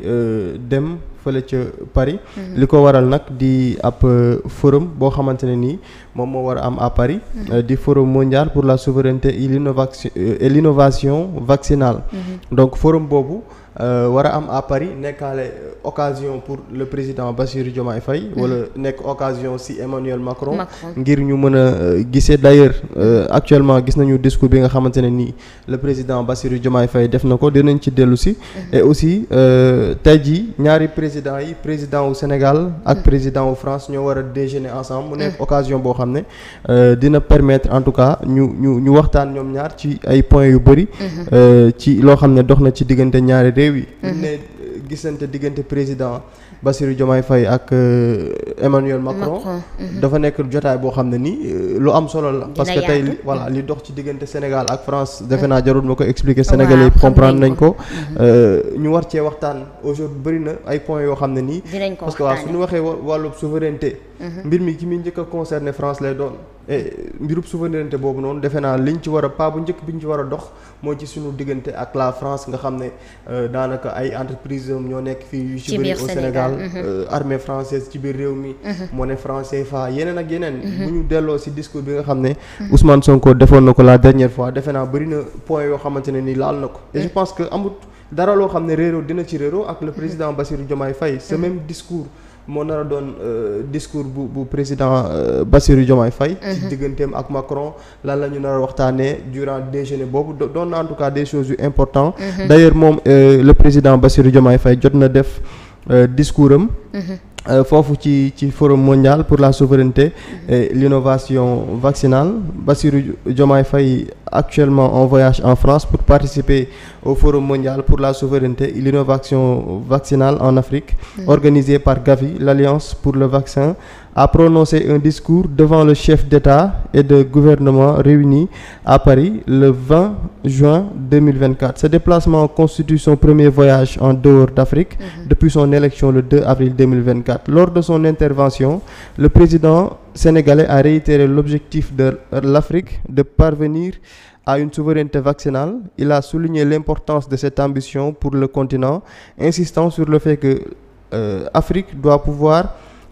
Euh, dem fële ca Paris. Mhm. li ko waral nag di ab euh, forum boo xamante ne nii moom moo war a am à Paris. Mhm. Euh, di forum mondial pour la souveraineté et l'innovation et l'innovation vaccinale. Mhm. donc forum boobu. Euh, war a am à Paris nekkaale occasion pour le président Bassirou Diomaye fay mm. wala nekk occasion si Emmanuel Macron ngir ñu mën a euh, gisee d'ailleurs euh, actuellement gis nañu discours bi nga xamante ne nii le président Bassirou Diomaye fay def na ko dinañ ci dellu si mm-hmm. et aussi tey jii ñaari président yi président wu Sénégal ak mm-hmm. président wu France ñoo war a déjeuner ensemble mu nekk mm-hmm. occasion boo xam ne dina permettre en tout cas ñu ñu ñu waxtaan ñoom ñaar ci ay point yu bëri réew yi mm-hmm. buñ ne euh, gisante diggante président Bassirou Diomaye Faye ak euh, Emmanuel Macron mm-hmm. dafa nekk jotaay boo xam ne ni euh, lu am solo la parce que tey voilà mm-hmm. li dox ci diggante Sénégal ak France defe naa jarul ma ko expliquer Sénégalais yi nañ ko ñu war cee waxtaan aujourd'hui bëri na ay points yoo xam ne nii parce que waaw suñu waxee wàllu souveraineté mbir mi ki muy njëkk a concerné France lay doon Eh, mbirub souveraineté boobu noonu defe naa liñ ci war a pas bu njëkk bi ñu ci war a dox mooy ci suñu diggante ak la France nga xam ne euh, daanaka ay entreprise ñoo nekk fii yu ci bëri au Sénégal mhm. euh, armée française ci biir réew mi mhm. moo ne francais fa yeneen ak yeneen mhm. bu ñu delloo si discours bi nga xam ne Ousmane Sonko defoon na ko la dernière fois defe naa bëri na point yoo xamante ne ni laal na ko et je pense que amut dara loo xam ne réeroo dina ci réeroo ak le président Bassirou Diomaye Faye ce même discours moo nar a doon euh, discours bu bu président euh, Bassirou Diomaye Faye mhm. ci digganteem ak Macron lan la ñu nar a waxtaanee durant déjeuner boobu doon na en tout cas des choses yu important mhm. d'ailleurs moom euh, le président Bassirou Diomaye fay jot na def discours am mhm. Euh, foofu ci ci forum mondial pour la souveraineté et l'innovation vaccinale Bassirou Diomaye Faye actuellement en voyage en France pour participer au forum mondial pour la souveraineté et l'innovation vaccinale en Afrique mm. organisé par Gavi l'alliance pour le vaccin a prononcé un discours devant le chef d'État et de gouvernement à Paris le 20 juin 2024. Ce déplacement constitue son premier voyage en dehors d'Afrique mm -hmm. depuis son élection le 2 avril 2024. Lors de son le président sénégalais a réitéré l'objectif de l'Afrique de parvenir à une souveraineté vaccinale. Il a souligné de cette ambition le continent, insistant sur le fait que euh, Afrique doit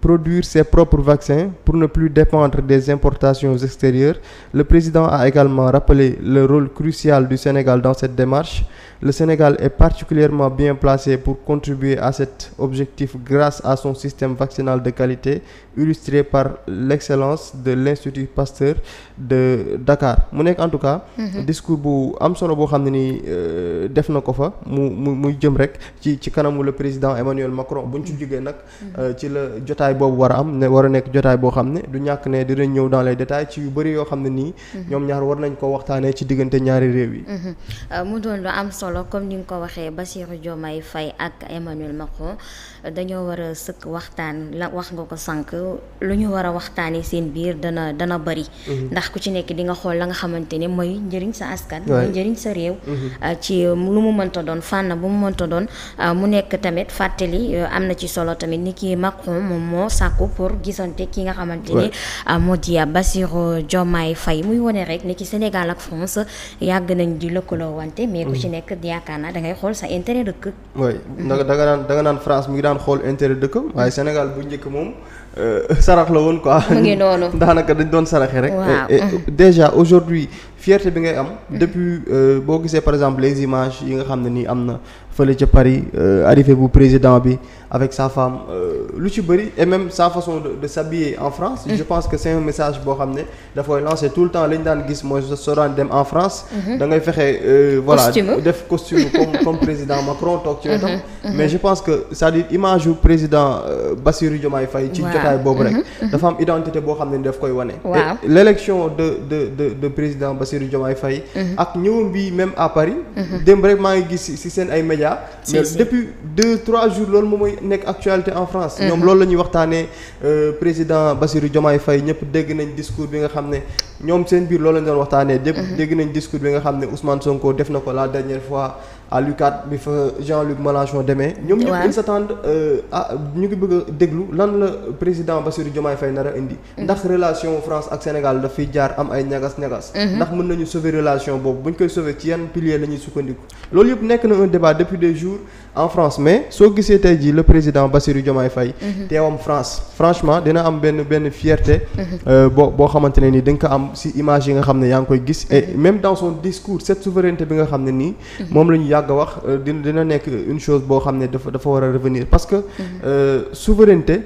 produire ses propres vaccins pour ne plus dépendre des importations extérieures. Le président a également rappelé le rôle crucial du Sénégal dans cette démarche. Le Sénégal est particulièrement bien placé pour contribuer à cet objectif grâce à son système vaccinal de qualité, illustré par l'excellence de l'Institut Pasteur de Dakar. mu nekk en tout cas. Mhm. discours bu am solo boo xam ne nii euh, def na ko fa mu mu muy jëm rek ci ci kanamu le président Emmanuel Macron. buñ ci jógee mhm. euh, ci la jota jotaay boobu war a am ne war a nekk jotaay boo xam ne du ñàkk ne dinañ ñëw dans les détails ci yu bëri yoo xam ne nii. Mhm. ñoom ñaar war nañ ko waxtaanee ci diggante ñaari réew yi. Mhm. Euh, mu doon lu am solo comme ni nga ko waxee Bassirou Diomaye Faye ak Emmanuel Macron. dañoo war a sëkk waxtaan la wax nga ko sànq lu ñu war a waxtaanee seen biir dana dana bëri. Mhm. ndax ku ci nekk di nga xool la nga xamante ne mooy njëriñ sa askan. mooy njëriñ sa réew. Mhm. Euh, ci euh, lu mu mënta doon fànn bu mu mënta doon euh, mu nekk tamit fàttali am na ci solo tamit ni ki Macron moom moo sàkku pour gisante ki nga xamante ne. moo di Bassirou Diomaye Faye muy wone rek ni ki Sénégal ak France yàgg nañ di lëkkaloo wante. mais ku mhm. ci nekk yaakaar naa da ngay xool sa intérêt dëkk. daan xool intérêt dëkkam waaye Sénégal bu njëkk moom euh, sarax la woon quoi. mu ngi noonu daanaka dañ doon saraxe rek. déjà aujourd'hui fierté bi ngay am mm-hmm. depuis euh, boo gisee par exemple les images yi nga xam ne nii am na fële ca Paris euh, arrivé bu président bi avec sa femme euh, lu ci bëri et même sa façon de de s'habiller en France mm-hmm. je pense que c'est un message boo xam ne dafay lancer tout le temps lañu daan gis mooy soo daan dem en France mm-hmm. da ngay fexe voilà def costume comme comme président Macron toog ci wetam mais je pense que c'est-à-dire image yu président Bassirou Diomaye Faye ci jotaay boobu rek am identité boo xam ne daf koy wane l'élection de de Bassirou Diomaye Faye mhm. ak ñëwam bi même à Paris mhm. démb rek maa ngi gis si seen ay médias mais depuis deux trois jours loolu moom mooy nekk actualité en France mhm. ñoom loolu la ñuy waxtaanee euh, président Bassirou Diomaye Faye ñëpp dégg nañ discours bi nga xam ne ñoom seen biir lool lañ doon waxtaanee dégg nañ discours bi nga xam ne Ousmane Sonko def na ko la dernière fois à l'UCAD bi fa Jean-Luc Mélenchon demee. ñoom ñëpp ils s'attendent ah ñu ngi bëgg a déglu lan la président Bassirou Diomaye Faye nar a indi. Mm-hmm. ndax relation France ak Sénégal daf fiy jaar am ay ñagas-ñagas. Mm-hmm. ndax mën nañu sauver relation boobu bu ñu koy sauver ci yan pilier la ñuy sukkandiku. loolu yëpp nekk na un débat depuis des jours en France mais soo gisee tey jii le président Bassirou Diomaye Faye. Mm-hmm. teewam France franchement dina am benn benn fierté. Euh, boo boo ne ni da ko am si image yi nga xam ne yaa ngi koy gis. et même dans son discours cette bi nga xam ne nii. moom yàgg a wax euh, dina dina nekk une chose boo xam ne dafa dafa war a revenir parce que mm-hmm. euh, souveraineté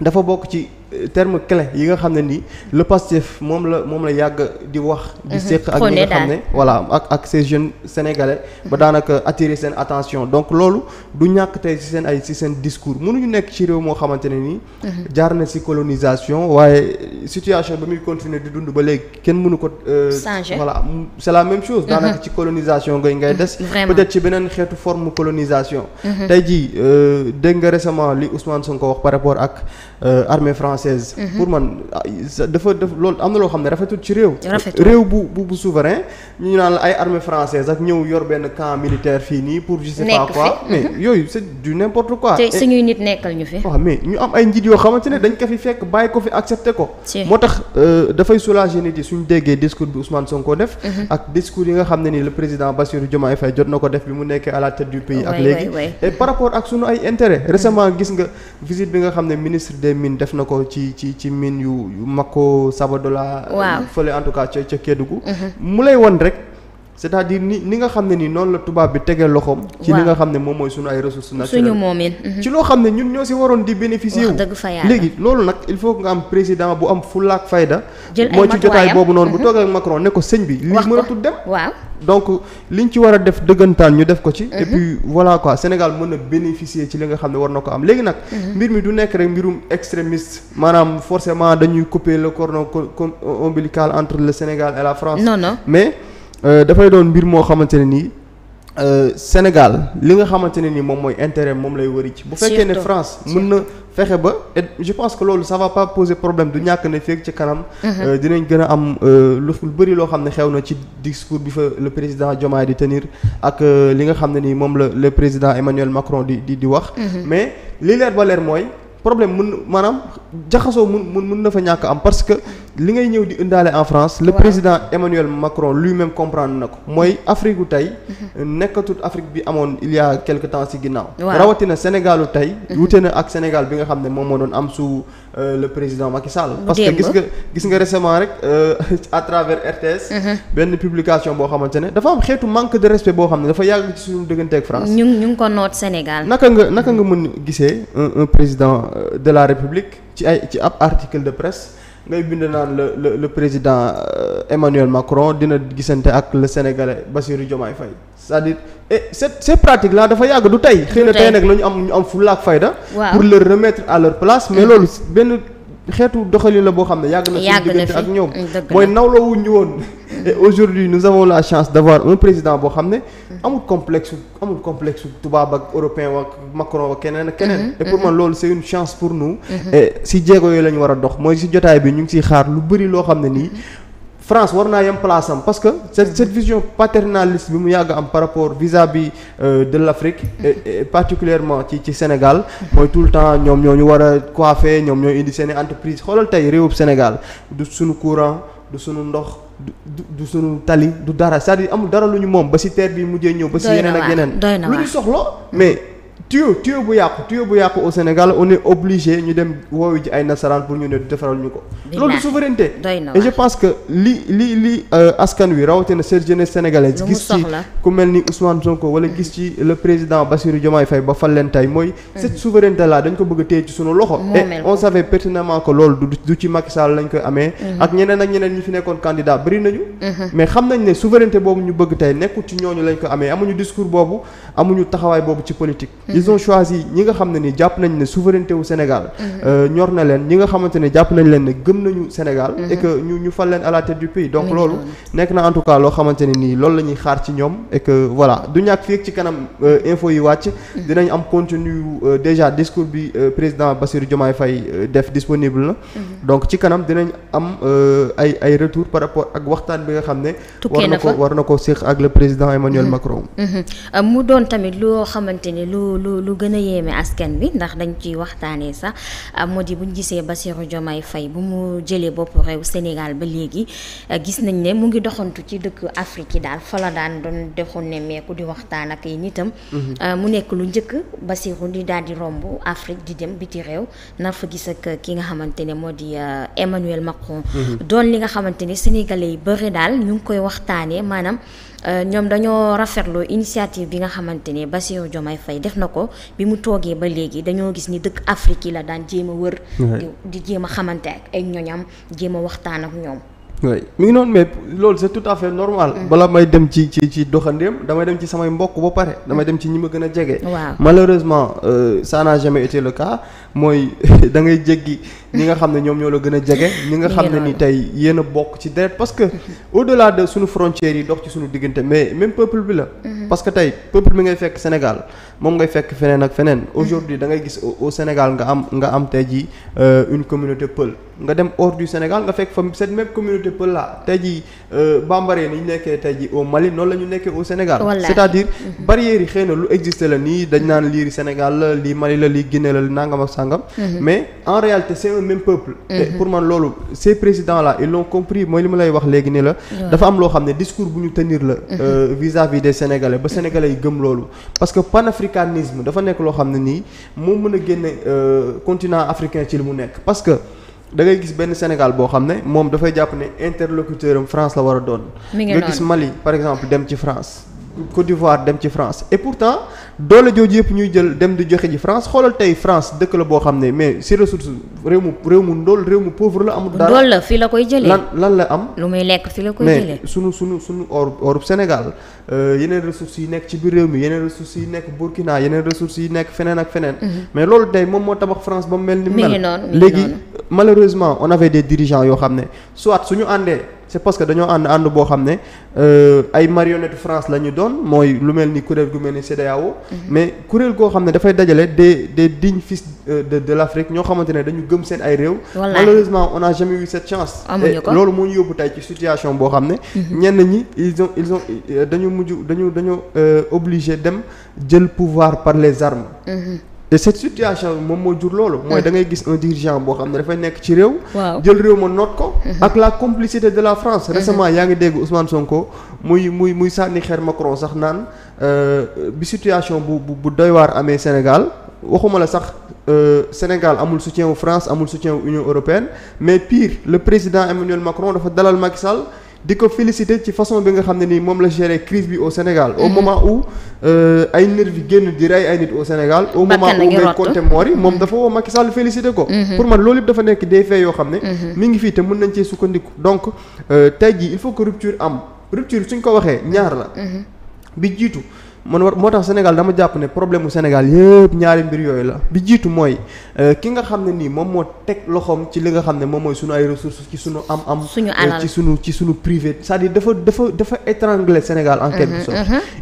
dafa bokk ci terme clé yi nga xam ne nii le Pastef moom la moom la yàgg di wax. di mhm. séq ak ñi nga xam ne voilà ak ak ces jeune sénégalais. ba daanaka attirer seen attention donc loolu du ñàkk tey ci seen ay ci seen discours mënuñu nekk ci réew moo xamante ne nii. Mhm. jaar na ci colonisation waaye situation ba muy continuer di dund ba léegi kenn mënu ko. Euh, changer voilà c'est la même chose. Mhm. daanaka ci colonisation ngay ngay des. peut ci beneen xeetu forme colonisation. tey jii euh, dégg li Ousmane Sonko wax par rapport ak. Euh, armée française mhm. pour man ah, dafa def loolu am na loo xam ne rafetul ci réew réew bu bu bu souverain ñu naan la ay armée française ak ñëw yor benn camp militaire fii nii pour je sais pas quoi mais mhm. yooyu c'est du n'importe quoi te suñuy nit nekkal ñu fi waaw mais ñu am ay njiit yoo xamante ne dañ ko fi fekk bàyyi ko fi accepté ko moo tax euh, dafay soulager nit yi suñ déggee discours bi Ousmane Sonko def mhm. ak discours yi nga xam ne ni le président Bassirou Diomaye Faye jot na ko def mu nekkee à la tête du pays ak léegi et des mines def na ko ci ci ci mine yu Mako Sabadola. waaw fële en tout cas ca ca mhm. mu lay won rek. c'est-à-dire ni ni nga xam ne ni noonu la tubaab bi tegee loxoom. ci li nga xam ne moom mooy sunu ay ressources naturelles suñu moomin mhm. ci loo xam ne ñun ñoo si waroon di bénéficier wu léegi loolu nag il faut nga am président bu am fulaak fayda moo ci jotaay boobu noonu bu mhm. toogee ak Macron ne ko sëñ bi li mënatul dem waaw donc liñ ci war a def dëggantaan ñu def ko ci et mhm. puis voilà Sénégal mën a bénéficier ci li nga xam ne war na ko am léegi nag mbir mi du nekk rek mbirum extrémiste maanaam forcément dañuy couper le cordon ombilical entre le Sénégal et la France Euh, dafay doon mbir moo xamante ne nii euh, Sénégal li nga xamante ne nii moom mooy intérêt moom lay wëri ci bu fekkee ne France mën na fexe ba je pense que loolu ça va pas poser problème du ñàkk na feeg ci kanam mhm. euh, dinañ gën a am lu bëri loo xam ne xew na ci discours bi fa le président Diomaye di tenir ak li nga xam ne nii moom la le président Emmanuel Macron di di di wax mhm. mais li leer ba leer mooy problème mën maanaam jaxasoo mun mun mun na fa ñàkk am parce que li ngay ñëw di indaale en France le président Emmanuel Macron lui-même comprendre na ko mmh. mooy Afrique gu tey mmh. nekkatut Afrique bi amoon il quelque temps ci ginnaaw rawatina Sénégalu tey mmh. wute na ak Sénégal bi nga xam ne moom moo doon am sous euh, le président Macky Sall parce que gis nga gis nga récemment rek euh, à travers RTS benn publication boo xamante ne dafa am xeetu manque de respect boo xam ne dafa yàgg ci suñu dëggante ak France ñu ngi Sénégal naka nga naka nga mën gisee un président euh, de la République ci ay ci ab article de presse ngay bind naan le le le président euh, Emmanuel Macron dina gisante ak le sénégalais Bassirou Diomaye Faye c'est-à-dire et cette ces pratiques là dafa yàgg du tey. xëy na tey nag la ñu am ñu am fulla ak fayda. pour le remettre à leur place. mais mm. loolu benn xeetu doxalina boo xam ne yàgg na. yàgg na ak ñoom mm, mooy nawloo wuñ ñu woon. et aujourd'hui nous avons la chance d'avoir un président boo xam ne amul complexe amul complexe tubaab ak européen ak Macron ak keneen ak keneen. Mhm, et pour mhm. loolu c'est une chance pour nous. Mhm. si jéego yooyu la ñu war a dox mooy si jotaay bi ñu ngi siy xaar lu bëri loo xam ne nii. France war naa yem place am parce que cette cette vision paternaliste bi mu yàgg am par rapport vis bi vis de l'Afrique et particulièrement ci ci Sénégal mooy tout le temps ñoom ñoo ñu war a coiffer ñoom ñoo indi seen i entreprise xoolal tey réewub Sénégal du suñu courant du suñu ndox du du sunu tali du dara cest à amul dara lu ñu moom ba ci terre bi mujjee ñëw. ba ci yeneen ak yeneen. lu ñu soxla mais. tuyau tuyau bu yàqu tuyau bu yàqu au Sénégal on obligé ñu dem woowu ji ay nasaraan pour ñu ne defaral ñu ko. loolu du souveraineté. et je pense que li li li euh, askan wi rawatina cette jeunesse sénégalaise. gis ci ku mel ni Ousmane Sonko wala gis ci le président Bassirou Diomaye fay ba fal leen tey mooy. Hmm. cette souveraineté là dañ ko bëgg a téye ci sunu loxo. et on savait pertinemment que loolu du du ci Macky Sall lañ koy amee. Hmm. ak ñeneen ak ñeneen ñi fi nekkoon candidat bëri nañu. Hmm. mais xam nañ ne souveraineté boobu ñu bëgg tey nekkul ci ñooñu lañ ko amee amuñu discours boobu amuñu taxawaay ci politique ils ont choisi ñi nga xam ne ni jàpp nañ ne souveraineté wu Sénégal mhm. euh, ñor na leen ñi nga xamante ne jàpp nañ leen ne gëm nañu Sénégal mhm. et ñu ñu fal leen à la tête du pays donc loolu nekk na en tout cas loo xamante nii loolu la xaar ci ñoom et que voilà du ñàkk fii ci kanam euh, info yi wàcc mhm. dinañ am contenu euh, déjà discours bi président Bassirou Diomaye fay def disponible na donc ci kanam dinañ am ay ay retour par rapport ak waxtaan bi nga xam ne war na ko war ak le président Emmanuel Macron mu lu lu gën a yéeme askan bi ndax dañ ciy waxtaanee sax ah, moo di buñ gisee Bassirou Diomaye fay bu mu jëlee bopp réew Sénégal ba léegi ah, gis nañ ne mu ngi doxantu ci dëkk Afrique yi daal fa la daan doon dexu nemmeeku di waxtaan ak yi nitam mhm. ah, mu nekk lu njëkk Bassirou di daal di romb Afrique di dem biti réew nar fa gis ak ki nga xamante ne moo di Emmanuel Macron mhm. doon li nga xamante ne sénégalais yi bëri daal ñu ngi koy waxtaanee maanaam ñoom dañoo rafetlu initiative bi nga xamante ne Bassirou Diomaye Faye ko bi mu toogee ba léegi dañoo gis ni dëkk Afrique yi la daan jéem a wër. di jéem a xamante ak ay ñoñam jéem a waxtaan ak ñoom. oui mi ngi noonu mais loolu c'est tout à fait normal. bala may dem ci ci ci doxandeem damay dem ci samay mbokk ba pare damay dem ci ñi ma gën a jege. malheureusement euh, ça jamais été le cas. mooy da ngay jéggi ñi nga xam ne ñoom ñoo la gën a jege ñi nga xam ne ni tey yéen a bokk ci deret parce que au delà de suñu frontières yi dox ci suñu diggante mais même peuple bi la mm-hmm. parce que tey peuple bi ngay fekk Sénégal moom ngay fekk feneen ak feneen mm-hmm. aujourd'hui da ngay gis au Sénégal nga am nga am tey jii euh, une communauté Peul nga dem hors du Sénégal nga fekk fa cette même communauté Peul la tey jii euh, bambara ni nekkee tey jii au Mali noonu la ñu nekkee au Sénégal cest à mm-hmm. na lu la nii dañ naan lii Sénégal la lii Mali la lii Guinée la sangam. Mhm. mais en réalité c'est un même peuple. te mhm. pour man loolu ces présidents là ils l'ont compris mooy li ma lay wax léegi ni la. dafa am loo xam ne discours bu ñu tenir la. Mhm. Euh, vis-à-vis de sénégalais ba sénégalais yi gëm loolu. parce que panafricanisme dafa nekk loo xam ne nii moo mën a génne euh, continent africain ci li mu nekk parce que. da ngay gis benn Sénégal boo xam ne moom dafay jàpp ne interlocuteur am France la war a doon. nga gis Mali par exemple dem ci France Côte d'Ivoire dem ci France doole jooju yëpp ñuy jël dem di joxe ji France xoolal tey France dëkk la boo xam ne mais si ressource réew mu réew mu ndool réew mu pauvre la amul daal ndool la fii la koy jëlee lan lan la am lu muy lekk fii la koy jëlee mais sunu sunu sunu or or Sénégal euh, yeneen ressources yi nekk ci biir réew mi yeneen ressources yi nekk Burkina yeneen ressources yi nekk feneen ak feneen mhm. mais loolu tey moom moo tabax France ba mu mel ni mel léegi malheureusement on avait des dirigeants yoo xam ne soit suñu àndee c'est parce que dañoo ànd ànd boo xam ne euh, ay marionnette France la ñu doon mooy lu mel ni kuréel gu mel ni CEDEAO mhm. mais kuréel goo xam ne dafay dajale des des dignes fils de de l'Afrique ñoo xamante ne dañu gëm seen ay réew malheureusement on n'a jamais eu cette chance loolu moo ñu yóbbu tey ci situation boo xam ne mhm. ñenn ñi ils ont ils ont dañu mujj dañu dañu euh, obligé dem jël pouvoir par les armes mhm. te cette situation bi moom moo jur loolu. mooy mm. dangay ngay gis un dirigeant boo xam ne dafay nekk ci réew. jël réew ma noot ko. Mm-hmm. ak la complicité de la France. Mm-hmm. récemment yaa ngi dégg Ousmane Sonko muy muy muy sànni xeer Macron sax naan euh, bi situation bu bu bu waar amee Sénégal waxuma la sax euh, Sénégal amul soutien wu France amul soutien u Union européenne mais pire le président Emmanuel Macron dafa dalal Macky Sall. di ko féliciter ci façon bi nga xam ne nii moom la gérer crise bi au Sénégal au mhm. moment où euh, ay nervi génn di rey ay nit au Sénégal au moment où ngay compter morts moom mhm. dafa ma Macky Sall féliciter ko mhm. pour man loolu yëpp dafa nekk des faits yoo xam ne mi ngi fii te mën nañ cee sukkandiku donc euh, tey jii il faut que rupture am rupture suñ ko waxee ñaar la bi jiitu man war moo tax Sénégal dama jàpp ne problème mu Sénégal yëpp ñaari mbir yooyu la bi jiitu mooy euh, ki nga xam ne nii moom moo teg loxoom ci li nga xam ne moom mooy sunu ay ressources ci suñu am am ci sunu ci sunu privé c'est-à-dire dafa dafa dafa étrangler Sénégal en quelque sorte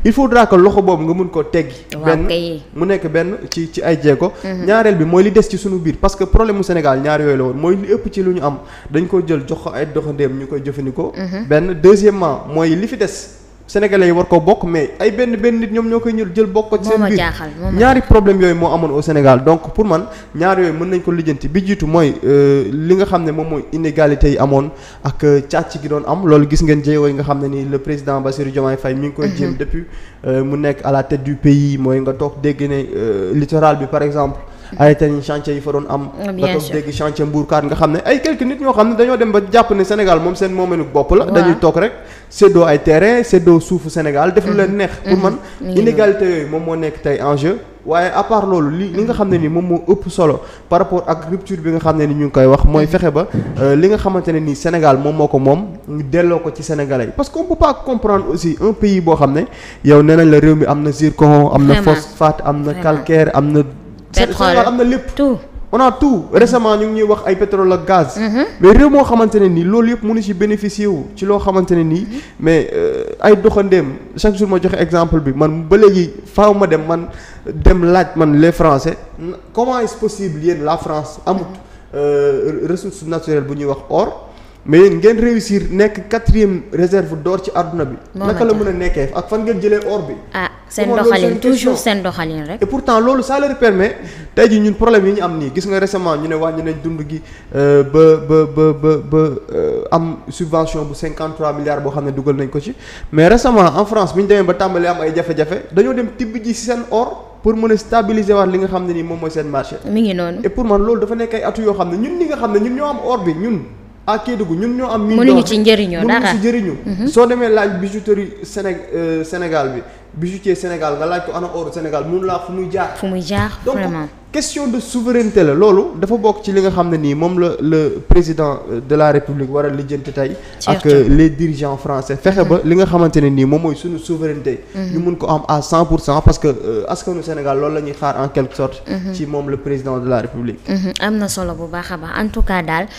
il faut que loxo boobu nga mun koo teggi benn mu nekk benn ci ci ay jéego ñaareel bi mooy li des ci suñu biir parce que problème mu Sénégal ñaar yooyu la woon mooy li ëpp ci lu ñu am dañ ko jël jox ko ay doxandéem ñu koy jëfandikoo benn deuxièmement mooy li fi des sénégalais yi war ko bokk mais ay benn benn nit ñoom ñoo koy jël bokk ko seen biir ñaari problème yooyu moo amoon au Sénégal donc pour man ñaar yooyu mën nañ ko lijjanti bi jiitu mooy euh, li nga xam ne moom mooy inégalité yi amoon ak euh, càcc gi doon am loolu gis ngeen jéego yi nga xam ne ni le président Bassirou Diomaye Faye mi ngi koy jéem mhm. depuis euh, mu nekk à la tête du pays mooy nga toog dégg ne littoral bi par exemple ay tani chantier yi fa doon am nga toog dégg chantier mbuurkaat nga xam ne ay quelques nit ñoo xam ne dañoo dem ba jàpp ne Sénégal moom seen moomeelu bopp la dañuy toog rek séddoo ay terrain séddoo suufu Sénégal def lu leen mm-hmm. neex pour mm-hmm. man mm-hmm. inégalité yooyu moom moo nekk tey enjeu waaye à part loolu li li nga xam ne nii moom moo ëpp solo par rapport ak rupture bi nga xam ne nii ñu ngi koy wax mooy fexe ba euh, li nga xamante ne ni Sénégal moom moo ko moom ñu delloo ko ci sénégalais yi parce que peut pas comprendre aussi un pays boo xam ne yow nee nañ la réew mi am na zircon am na phosphate am na calcaire am na pétrole am na lépp tout. on a tout récemment ñu ngi ñuy wax ay pétrole ak gaz. Mhm. mais réew moo xamante ne nii loolu yëpp mënu ci bénéficier wu ci loo xamante ne nii. mais euh, ay doxandeem chaque jour ma joxe exemple bi man ba léegi faaw ma dem man dem laaj man les français. comment est-ce possible yéen la France amut euh, ressource naturelle bu ñuy wax or. mais ngeen réussir nekk quatrième réserve d'or ci àdduna bi. naka la mën a nekkee ak fan ngeen jëlee or bi. ah seen doxalin toujours seen doxalin rek. et pourtant loolu ça leur permet tey jii ñun problème yi ñu am nii gis nga récemment ñu ne wàññi nañ dund gi euh, ba ba ba ba ba euh, am subvention bu 53 milliards boo xam ne dugal nañ ko ci mais récemment en France bi ñu demee ba tàmbalee am ay jafe-jafe dañoo dem tibb ji si seen or. pour mën a stabiliser waat li ne nii moom mooy seen marché. mi ngi noonu et loolu dafa nekk ay yoo xam ne ñun li nga xam ne ñun ñoo or bi ñun. à Kédougou ñun ñoo am. mënuñu ci njëriñoo dara mënuñu ci njëriñu. Mhm. soo demee laaj bijouterie Séné euh, Sénégal bi bijoutier Sénégal nga laaj ko ana or Sénégal mënu laa fu muy jaar. fu muy jaar vraiment question de souveraineté la loolu dafa bokk ci li nga xam ne nii moom la le président euh, de la République wara a lijjanti tey. ak les dirigeants français fexe ba mhm. li nga xamante ne nii moom mooy suñu souveraineté. Mhm. ñu mun ko am à 100 pour cent parce que euh, askanu Sénégal loolu la ñuy xaar en quelque sorte. moom le président de la République. am